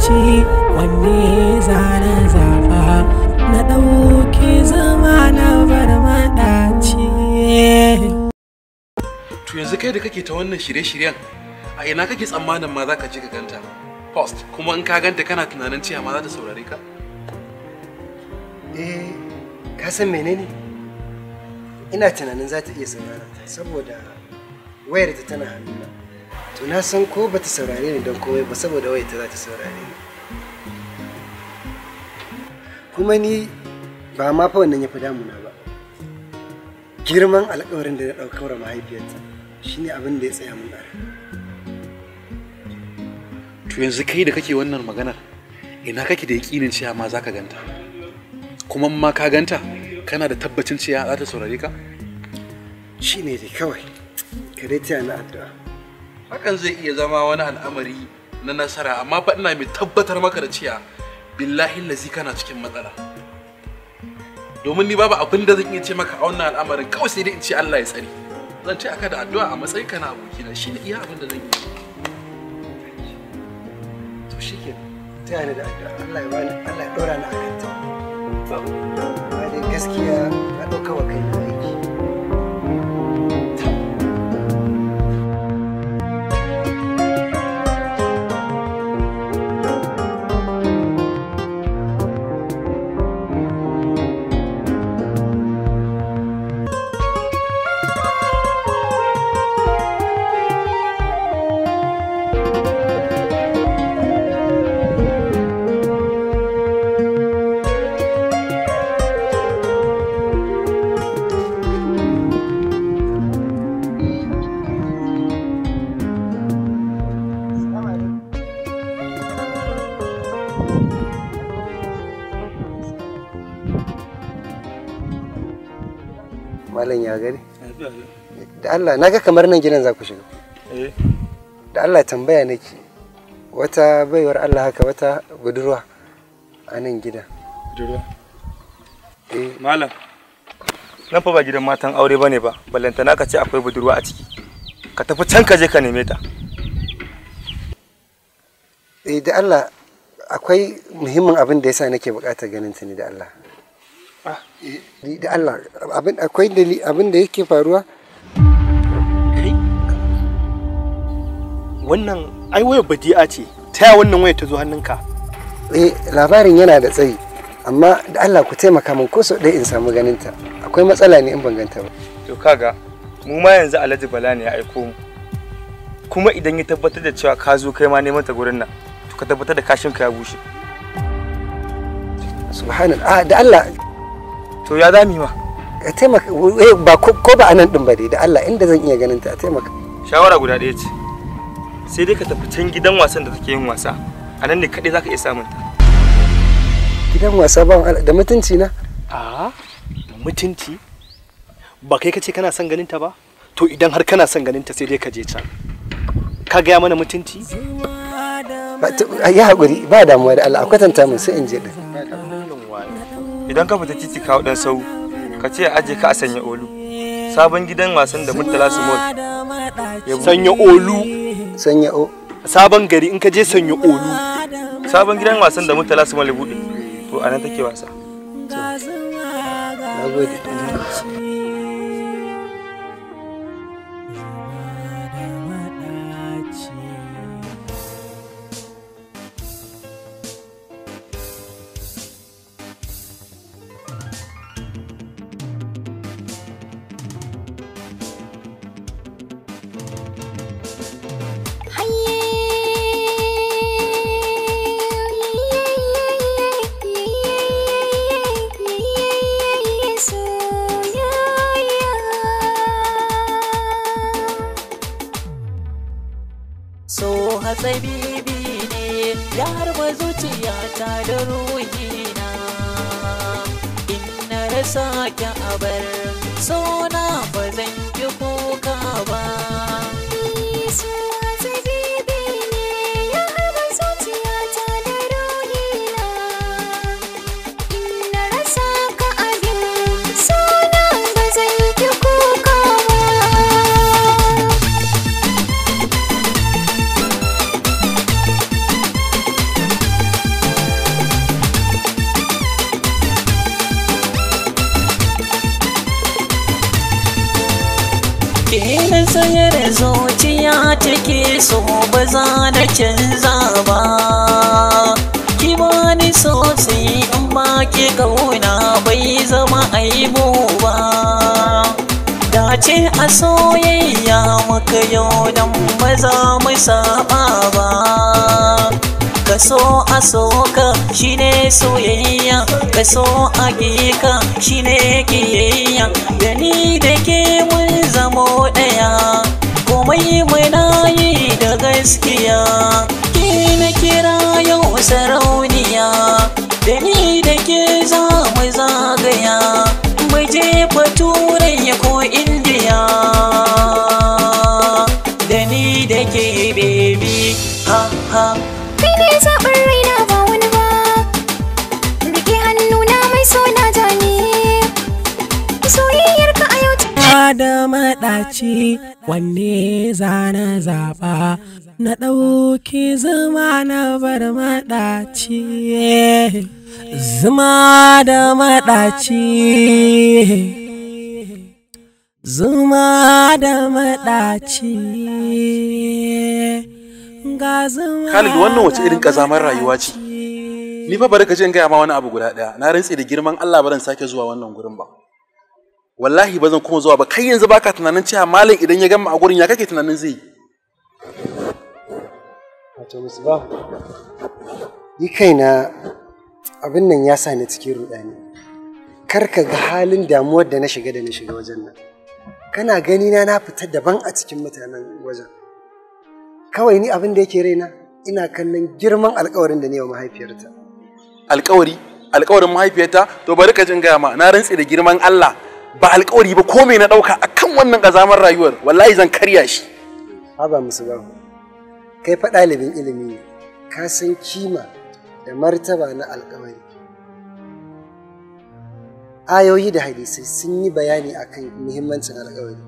ce wanne zana zafa na ɗauki zama na bar maɗaci. To yanzu kai da kake ta wannan shirye-shiryen a ina kake tsammanin ma za ka je ka ganta post kuma in ka ganta kana tunanin cewa ma za ta saurare ka? Eh, ka san menene? Ina tunanin za ta iya saurara saboda wayar ta tana hannuna. to na san ko bata saurare ni don komai ba saboda wai ta za ta saurare ni kuma ni ba ma fa wannan ya fi damuna ba girman alƙawarin da na ɗaukar mahaifiyarta shine abin da ya tsaya mun ɗara to yanzu kai da kake wannan maganar ina kake da yaƙinin cewa ma za ka ganta kuma ma ka ganta kana da tabbacin cewa za ta saurare ka shine dai kawai ka dai taya na addu'a hakan zai iya zama wani al'amari na nasara amma fa ina mai tabbatar maka da cewa billahi lazi kana cikin matsala domin ni babu abin da zan iya ce maka a wannan al'amarin kawai sai dai in ce Allah ya tsare zan ce aka da addu'a a matsayin kana abokina shi ne iya abin da zan yi. to shi ke ta ni da addu'a Allah ya bani Allah ya dora ni a kanta ba gaskiya ka dauka wa kaina malam ya gani? da Allah naga kamar nan gidan za ku shiga eh. da Allah tambaya nake wata baiwar Allah haka wata budurwa a nan gida budurwa eh malam nan fa ba gidan matan aure bane ba ballantana ka ce akwai budurwa a ciki ka tafi can ka je ka neme ta eh da Allah akwai muhimmin abin da yasa nake bukatar ganin ta ne da Allah da Allah abin akwai dali abin da yake faruwa wannan ai waya badi'a ce ta wannan waya ta zo hannunka eh labarin yana da tsayi amma da Allah ku taimaka min ko so ɗaya in samu ganinta akwai matsala ne in ban ganta ba to kaga mu ma yanzu Alhaji Bala ne ya aiko mu kuma idan ya tabbatar da cewa ka zo kai ma neman ta gurin nan to ka tabbatar da kashin ka ya bushe subhanallah ah, da Allah to ya zami ma a taimaka eh, ba ko ba anan din ba dai da Allah inda zan iya ganin ta a taimaka shawara guda ɗaya ce sai dai ka tafi can gidan wasan da take yin wasa a nan ne kaɗai zaka iya samun ta gidan wasa ba da mutunci na a mutunci ba kai kace kana son ganin ta ba to idan har kana son ganin ta sai dai ka je can ka gaya mana mutunci ya haƙuri ba damuwa da Allah akwatanta mun sai in je din idan ka fita titi kawo dan sau ka ce aje ka a sanya olu sabon gidan wasan da murtala small sanya olu sanya o sabon gari in ka je sanya olu sabon gidan wasan da murtala su ya bude to anan take wasa nagode so hatsari ne ya harba zuciyata da ruhina in na rasa ki abar so na ba zan ki kuka ba sayar zuciya take so ba za da canza ba ki bani sosai in ba ki kauna bai zama aibu ba dace a soyayya muka yau dan ba za mu saba ba kaso a soka shine soyayya kaso a gika shine kiyayya gani da ke mu zamo ɗaya komai mai da gaskiya ki na kira yau sarauniya da ni da ke za mu zagaya mai jefa turai ko indiya da ni da ke bebi ha ha da maɗaci wanne za na zaɓa na ɗauki zuma na bar maɗaci zuma da maɗaci zuma da maɗaci ga zuma Khalid wannan wace irin ƙazamar rayuwa ce ni fa bari ka je in gaya ma wani abu guda ɗaya na rantse da girman Allah baran sake zuwa wannan gurin ba wallahi ba zan kuma zuwa ba kai yanzu baka tunanin cewa malam idan ya gama a gurin ya kake tunanin zai wato musba ni kaina abin nan ya sa ni cikin rudani kar ka ga halin damuwar da na shiga da na shiga wajen nan kana gani na na fita daban a cikin mutanen wajen kawai ni abin da yake raina ina kallon girman alkawarin da ne wa mahaifiyarta alkawari alkawarin mahaifiyarta to bari ka jin gaya ma na rantse da girman Allah ba alƙawari ba ko me na ɗauka akan wannan ƙazamar rayuwar wallahi zan karya shi haba musubahu kai fa ɗalibin ilimi ne ka san kima da martaba na alƙawari ayoyi da hadisai sun yi bayani akan muhimmancin alƙawari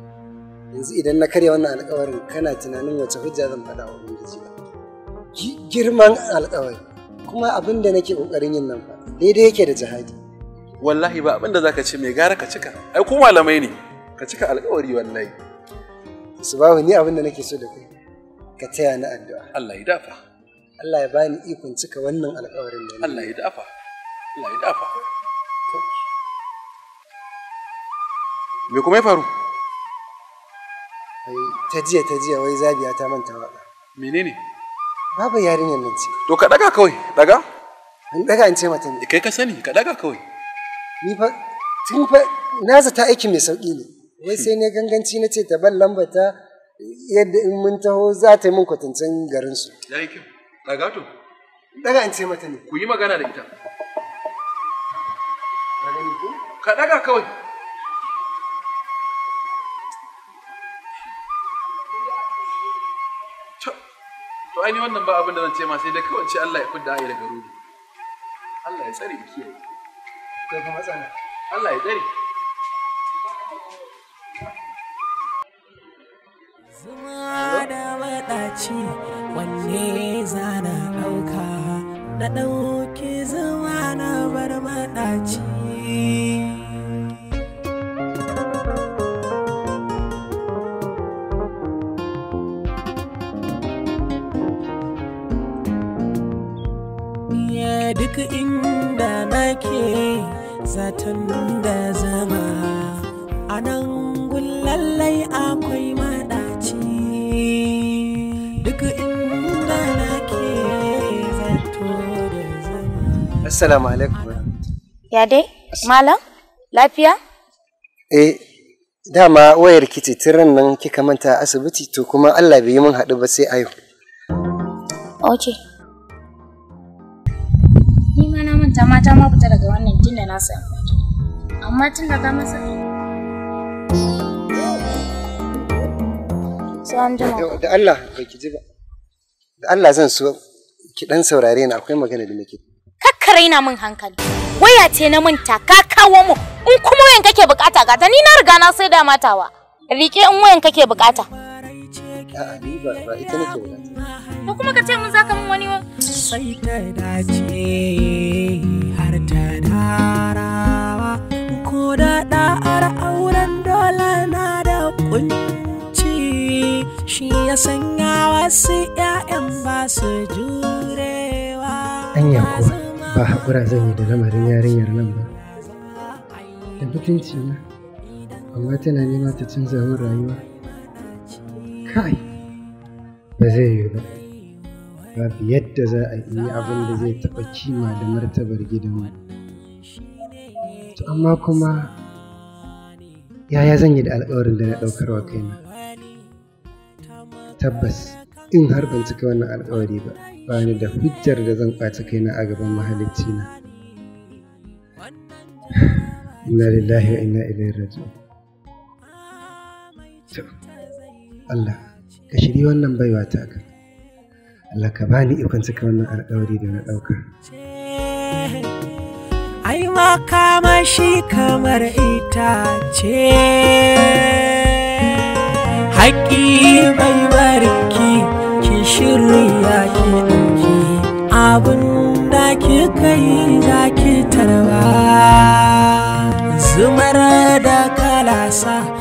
yanzu idan na karya wannan alƙawarin kana tunanin wace hujja zan faɗa wa ubangiji ba girman alƙawari kuma abin da nake ƙoƙarin yin nan ba daidai yake da jihadi wallahi ba abinda zaka ce mai gara ka cika ai ko malamai ne ka cika alkawari wallahi ba ni abinda nake so da kai ka taya na addu'a Allah ya dafa Allah ya bani ikon cika wannan alkawarin da Allah ya dafa Allah ya dafa me kuma ya faru ta jiya ta jiya wai zabiya ta manta waka menene babu yarinyar nan ce to ka daga kawai daga in daga in ce mata ne kai ka sani ka daga kawai ni fa tun fa aiki mai sauƙi ne wai sai ne ganganci na ce ta ban lamba ta yadda in mun taho za ta yi min kwatancin garin su yi kyau daga an ce mata ne ku yi magana da ita ka daga kawai to ainihin wannan ba abin da zan ce ma sai dai kawance Allah ya kudda ayi daga rubi Allah ya tsare kiyaye ko kuma tsana Allah ya tsare zuma da maɗaci wanne zana ɗauka na ɗauki zama na bar maɗaci duk in zaton da zama a nan lallai akwai maɗaci duk inda na ke zato da zama assalamu alaikum ya dai malam lafiya eh dama wayar kici nan kika manta asibiti to kuma allah bai yi mun haɗu ba sai ayo ok ni ma na manta mata ma fita daga wannan yan amma tun da masa da Allah ba ki ji ba da Allah zan so ki dan saurare ni akwai magana da nake kakkare raina min hankali waya ce na manta ka kawo mu in kuma wayan kake bukata ga ta ni na riga na sai da matawa rike in wayan kake bukata A'a ni ba ba ita nake bukata. Ko kuma ka ce mun zaka mun wani sai ta dace har ta darawa ko da da'ar auren dole na da kunci shi ya sanya wasu 'ya'yan ba su jurewa. Anya kuma ba haƙura zan yi da lamarin yarinyar nan ba. Da mutunci na, amma tana nema ta canza min rayuwa. Kai! ba zai yi ba babu yadda za a yi abin da zai taɓa kima da martabar gidanmu to amma kuma yaya zan yi da alƙawarin da na ɗaukar wa kaina tabbas in har ban cika wannan alƙawari ba ba ni da hujjar da zan ƙwace kaina a gaban mahalicci na inna lillahi wa inna ilaihi raji'un Allah ka shiri wannan baiwa ta ka Allah ka bani ikon cika wannan alƙawari da na ɗauka ai ma shi kamar itace haƙi mai barki ki shirya ki ɗauki abin da ki kai za ki tarwa zumar da kalasa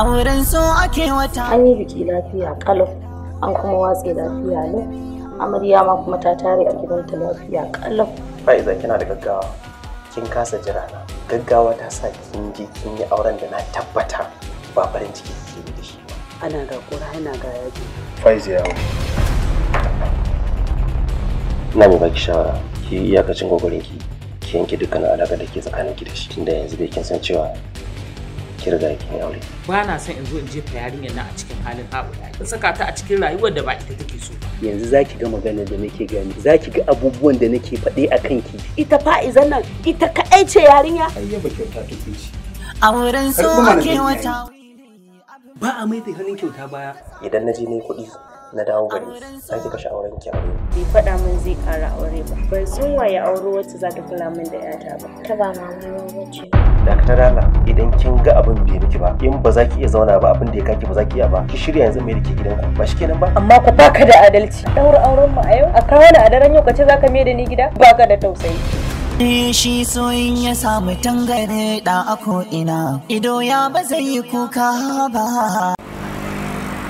a wurin su ake wata an yi biki lafiya kalau an kuma watse lafiya ne amarya ma kuma ta tare a gidanta lafiya kalau fa'iza kina da gaggawa kin kasa jira na gaggawa ta sa kin je kin yi auren da na tabbata ba farin ciki ke da shi ana ga kura ana ga yaji faiza yawo na mu baki shawara ki iyakacin gwagwarin ki ki yanke dukkan alaƙa da ke tsakanin ki da shi tunda yanzu bai kin san cewa ki aure ba na son in zo in jefa yarinyar nan a cikin halin haɓuya in saka ta a cikin rayuwar da ba ita take so yanzu za ki ga maganar da nake gani ki ga abubuwan da nake faɗe a kanki ita izan nan ita kaɗai ce yarinya ba kyauta ta ce a wurin so ake wata ba a mai da hannun kyauta baya idan na je ne kuɗi na dawo gari sai kika shawaran ki aure bai faɗa min zai ƙara aure ba ban san waye aure wacce za ta kula min da yata ba ta ba mama wacce daktar rana, idan kin ga abin bai miki ba in ba za ki iya zauna ba abin da ya kaki ba za ki iya ba ki shirya yanzu mai dake gidanku ba kenan ba amma ku baka da adalci daura auren mu a yau a kawo ni a daren yau kace zaka mai da ni gida baka da tausayi shi soyin ya samu tangare da a ina, ido ya ba zai yi kuka ba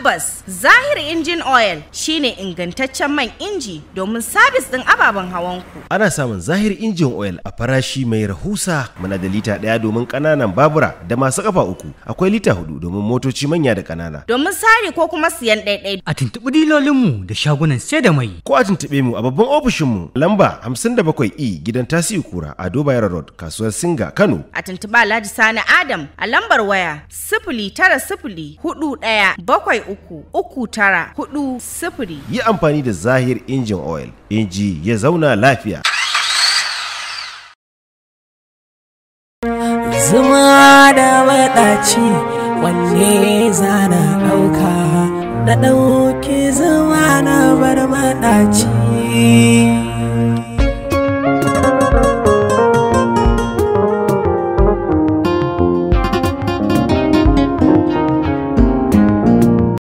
Tabbas Zahir Injin Oil shine ingantaccen man inji domin sabis ɗin ababen hawan ku. Ana samun Zahir Injin Oil a farashi mai rahusa muna da lita daya domin kananan babura da masu kafa uku akwai lita hudu domin motoci manya da kanana. Domin sari ko kuma siyan ɗaiɗai. A tuntuɓi mu da shagunan sai da mai. Ko a tuntuɓe mu a babban ofishin ofishinmu lamba 57E gidan Tasiu Kura a Doba rod Road kasuwar Singa Kano. A tuntuɓa Alhaji Sani Adam a lambar waya sifili tara sifili hudu ɗaya bakwai uku uku tara hudu sifiri. Yi amfani da Zahir injin oil, inji ya zauna lafiya. Zuma da maɗaci wanne zana ɗauka na ɗauki zuma na bar maɗaci.